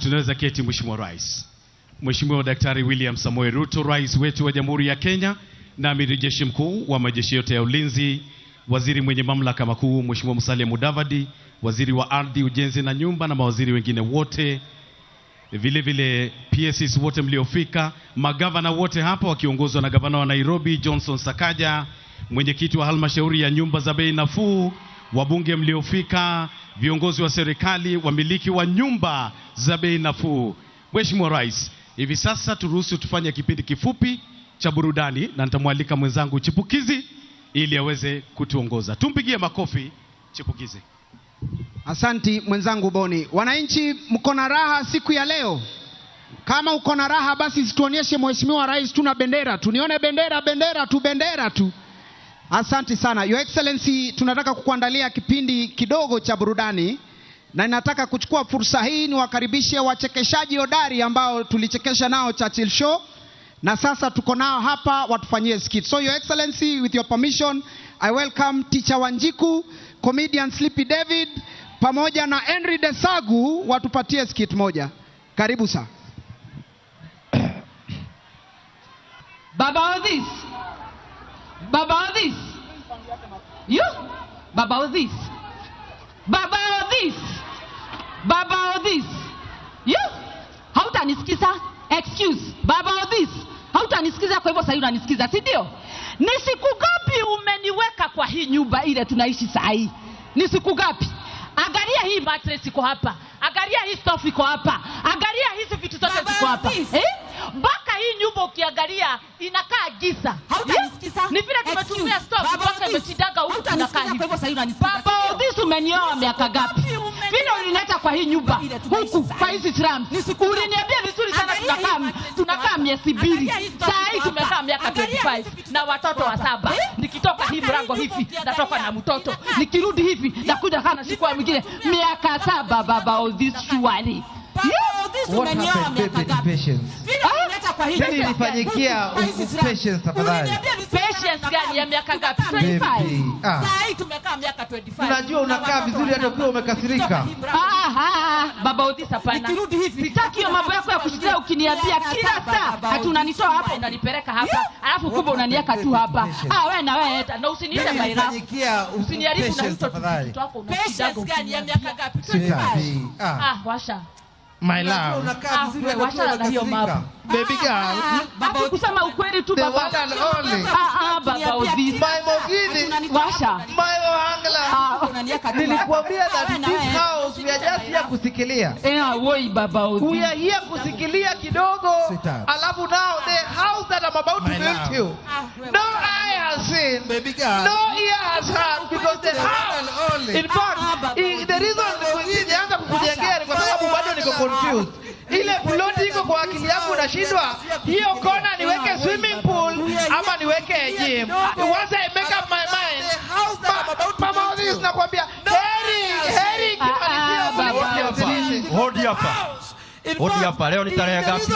Tunaweza keti, Mheshimiwa Rais, Mheshimiwa Daktari William Samoei Ruto, Rais wetu wa Jamhuri ya Kenya na Amiri Jeshi Mkuu wa majeshi yote ya ulinzi, waziri mwenye mamlaka makuu Mheshimiwa Musalia Mudavadi, waziri wa ardhi, ujenzi na nyumba na mawaziri wengine wote, vile vile PSS wote mliofika, magavana wote hapa wakiongozwa na gavana wa Nairobi Johnson Sakaja, mwenyekiti wa halmashauri ya nyumba za bei nafuu wabunge mliofika, viongozi wa serikali, wamiliki wa nyumba za bei nafuu. Mheshimiwa Rais, hivi sasa turuhusu tufanye kipindi kifupi cha burudani na nitamwalika mwenzangu Chipukizi ili aweze kutuongoza. Tumpigie makofi Chipukizi. Asanti mwenzangu Boni. Wananchi mko na raha siku ya leo? Kama uko na raha basi situonyeshe Mheshimiwa Rais, tuna bendera tu, nione bendera, bendera tu, bendera tu. Asante sana Your Excellency, tunataka kukuandalia kipindi kidogo cha burudani, na ninataka kuchukua fursa hii niwakaribishe wachekeshaji hodari ambao tulichekesha nao Churchill Show na sasa tuko nao hapa watufanyie skit. So Your Excellency, with your permission, I welcome Teacher Wanjiku, comedian Sleepy David pamoja na Henry Desagu watupatie skit moja. Karibu sana. Baba Othis Baba of this. You? Baba of this. Baba of this. Baba of this. You? Hautanisikiza? Excuse. Baba of this. Hautanisikiza kwa hivyo sasa unanisikiza, si ndio? Ni siku gapi umeniweka kwa hii nyumba ile tunaishi saa hii? Ni siku gapi? Angalia hii mattress iko hapa. Angalia hii sofa iko hapa. Angalia hizi vitu zote ziko hapa. Eh? Baba hii nyumba ukiangalia inakaa giza. Hautanisikiza. Ni vile tumetumia stop mpaka imeshindaga huko tunakaa hivi. Baba, hizi umenioa miaka gapi? Vile ulinileta kwa hii nyumba huku kwa hizi slums. Uliniambia vizuri sana tunakaa tunakaa miezi mbili. Saa hii tumekaa miaka 25 na watoto wa saba. Eh? Nikitoka hii mlango hivi natoka na mtoto. Nikirudi hivi nakuja kana shikwa mwingine miaka saba baba, all this surely. You, this woman, you are nini ilifanyikia Patience tafadhali? Patience gani ya miaka ngapi? 25. Ah. Sasa hii tumekaa miaka 25. Unajua unakaa vizuri hata ukiwa umekasirika. Ah, ah, ah, baba Odisa pana. Nikirudi hivi sitaki hiyo mambo yako ya kushitia ukiniambia kila saa hata unanitoa hapa unanipeleka hapa. Alafu kubwa unaniweka tu hapa. Ah, wewe na wewe na usiniite yaani baila. Usiniharibu na mtoto wako. Patience gani ya miaka ngapi? 25. Ah, washa. My love. Ah, Baby ah, ah, girl. Baba kusema ukweli tu baba. The one and only. Ah ah baba Ozee. My Mogini. Washa. My Ohangla. Nilikwambia that this house we are just here kusikilia. Eh, woi baba Ozee. We are here kusikilia kidogo. Alafu now the house that I'm about to build you. No nothing. Baby girl, no ear has heard because they have. In fact, ah, the reason nilianza kukujengea ni kwa sababu bado niko confused. Ile ploti iko kwa akili yako unashindwa, hiyo kona niweke swimming pool ama niweke gym. Once I make up my mind, mama this nakwambia, heri heri ah, ah, kimalizia. Hodi hapa. Hodi hapa. Leo ni tarehe ngapi?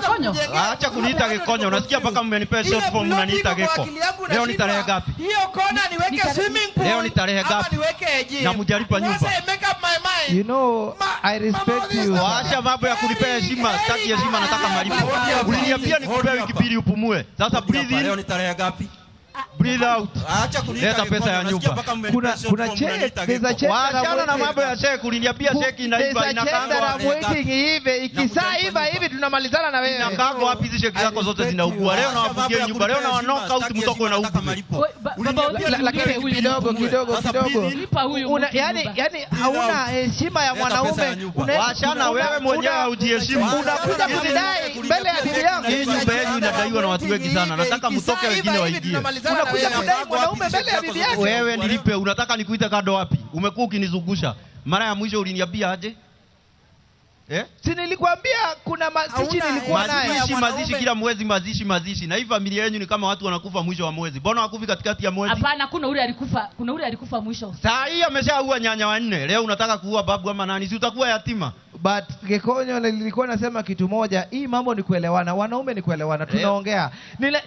Kikonyo? Acha kuniita kikonyo. Unasikia mpaka mmenipea short form mnaniita geko. Leo ni tarehe Hiyo kona niweke swimming pool. Leo ni tarehe ngapi? Na mjalipa nyumba. You know, I respect you. Acha mambo ya kunipea heshima, sitaki heshima nataka malipo. Uliniambia nikupe wiki mbili upumue. Sasa breathe in. Leo ni tarehe breathe out, leta pesa ya nyumba. Kuna kuna check pesa check, waachana na mambo ya check. Uliniambia check inaiba inakanga na waiting hivi, ikisaa hiva hivi tunamalizana na wewe. Inakanga wapi? Hizo check zako zote zinaugua leo, na wafungia nyumba leo, na wa knock out mtoko na huko. Lakini kidogo kidogo kidogo, yani yani hauna heshima ya mwanaume. Waachana wewe mwenyewe, hujiheshimu. Unakuja kudai mbele ya bibi yangu. Hii nyumba yenu inadaiwa na watu wengi sana, nataka mtoke, wengine waingie unakuja kudai mwanaume mbele ya bibi yake. Wewe nilipe, unataka nikuite kado wapi? Umekuwa ukinizungusha. Mara ya mwisho uliniambia aje? Eh? Si nilikwambia kuna mazishi nilikuwa naye. Mazishi mazishi kila mwezi mazishi mazishi. Na hii familia yenu ni kama watu wanakufa mwisho wa mwezi. Mbona wakufi katikati ya mwezi? Hapana, kuna ule alikufa, kuna ule alikufa mwisho. Saa hii ameshaua nyanya wanne. Leo unataka kuua babu ama nani? Si utakuwa yatima. But Gekonyo nilikuwa nasema kitu moja, hii mambo ni kuelewana, wanaume ni kuelewana, tunaongea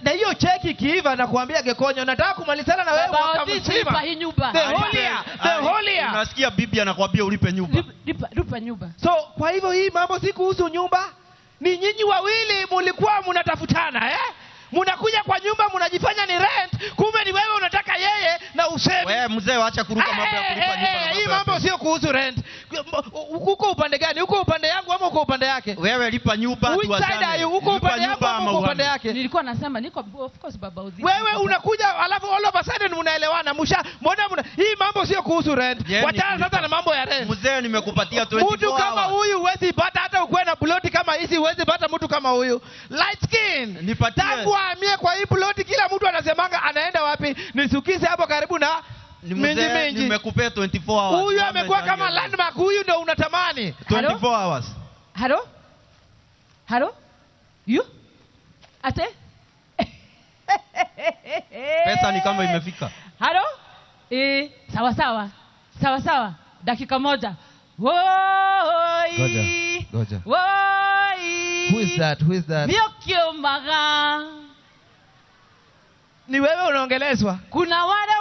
na hiyo cheki kiiva na kuambia Gekonyo, nataka kumalizana na wewe mwaka mzima. Unasikia bibi anakuambia ulipe nyumba. Lipa, lipa nyumba. So kwa hivyo hii mambo si kuhusu nyumba, ni nyinyi wawili mulikuwa munatafutana eh? Munakuja kwa nyumba munajifanya ni rent, kumbe ni wewe hata usemi. Wewe mzee waacha kuruka eh, mambo ya kulipa eh, nyumba. Eh, hii mambo sio kuhusu rent. Uko upande gani? Uko upande yangu ama uko upande yake? Wewe lipa nyumba tu asante. Uko upande yangu ama uko upande yake? Nilikuwa nasema niko of course baba uzi. Wewe unakuja alafu all of a sudden mnaelewana. Msha mbona mna hii mambo sio kuhusu rent. Wachana sasa na mambo ya rent. Mzee nimekupatia 24 hours. Mtu kama huyu huwezi pata hata ukwe na bloti kama hizi huwezi pata mtu kama huyu. Light skin. Nipatie. Tangu ahamie kwa hii bloti mengi Nimekupea 24 hours. Huyu amekuwa kama landmark, huyu ndio unatamani. 24 hours. Hello? Hello? You? Ate? Pesa ni kama imefika. Hello? Eh, sawa sawa. Sawa sawa. Dakika moja. Woi. Goja. Goja. Woi. Who is that? Who is that? Miokiumaga. Ni wewe unaongelezwa. Kuna wale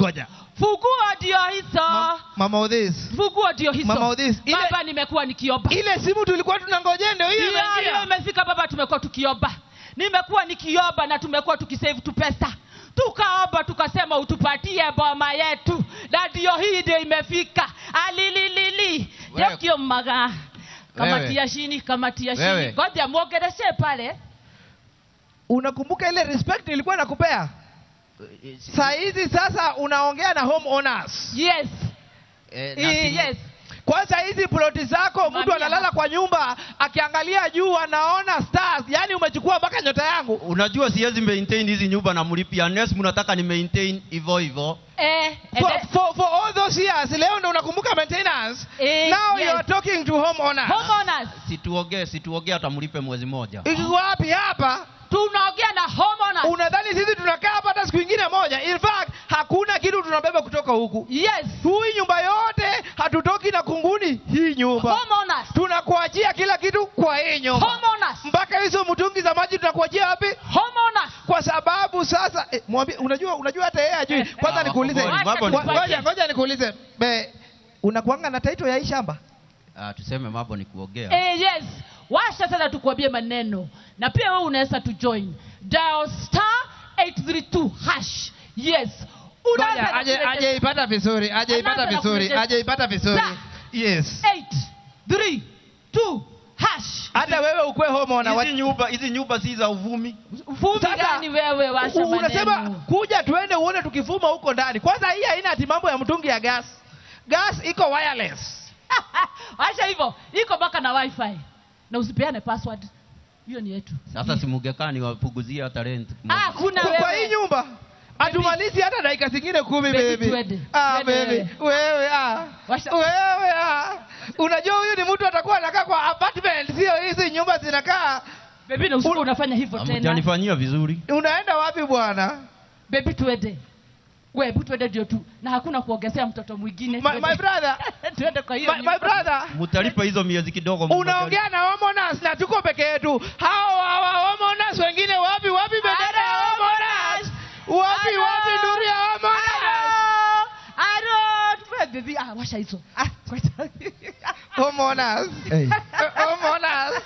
Ngoja. Fungua ndio hizo. Ma, mama Odhis. Fungua ndio hizo. Mama Odhis. Ile, baba nimekuwa nikiomba. Ile simu tulikuwa tunangojea ndio hiyo imeingia. Hiyo imefika baba tumekuwa tukioba Nimekuwa nikiomba na tumekuwa tukisave tu pesa. Tukaomba tukasema utupatie boma yetu. Na ndio hii ndio imefika. Alililili. Ndio maga. Kamati ya chini, kamati ya chini. Ngoja muongeleshe pale. Unakumbuka ile respect ilikuwa nakupea? saizi sasa unaongea na home owners Yes. Eh, I, eh, yes. Kwanza hizi ploti zako mtu analala kwa nyumba akiangalia juu anaona stars. Yaani umechukua mpaka nyota yangu. Unajua siwezi maintain hizi nyumba na mlipi unless mnataka ni maintain hivyo hivyo. Eh, eh for, eh. for, for all those years leo ndo unakumbuka maintenance. Eh, Now yes. you are talking to home owners homeowners. Homeowners. Situongee, situongee hata mlipe mwezi mmoja. Wapi hapa? Tunaongea na home owners Unadhani tunatoka huku. Yes. Hii nyumba yote hatutoki na kunguni hii nyumba. Homeowners. Tunakuachia kila kitu kwa hii nyumba. Homeowners. Mpaka hizo mtungi za maji tunakuachia wapi? Homeowners. Kwa sababu sasa eh, mwambie unajua unajua hata yeye ajui. Eh. Kwanza ah, nikuulize. Ngoja ngoja nikuulize. Be unakuanga na title ya hii shamba? Ah, tuseme mambo ni kuogea. Eh, yes. Washa sasa tukuambie maneno. Na pia wewe unaweza tu join. Dial star 832 hash. Yes ajeipata vizuri, ajeipata vizuri, ajeipata vizuri. Yes. 8 3 2 Hata wewe ukwe homo na hizi nyumba, hizi nyumba si za uvumi. Uvumi gani wewe washa maneno? Unasema kuja tuende uone tukifuma huko ndani. Kwanza hii haina ati mambo ya mtungi ya gas. Gas iko wireless. Washa hivyo. Iko mpaka na wifi. Na usipeane password. Hiyo ni yetu. Sasa simugekani wapuguzia hata rent ah, Kwa hii nyumba hatumalizi hata dakika zingine kumi baby. Ah, baby. Wewe ah. Wewe ah. Unajua huyu ni mtu atakuwa anakaa kwa apartment, sio hizi nyumba zinakaa. Baby, na usiku unafanya hivyo tena. Mtanifanyia vizuri. Unaenda wapi bwana? Baby, tuende. Wewe tuende ndio tu. Na hakuna kuongezea mtoto mwingine. My, my brother. tuende kwa hiyo. My, my brother. Mutalipa hizo miezi kidogo. Unaongea na homeowners na tuko peke yetu. Hao hao Kasha hizo. Ah, kwa Homeowners. Hey.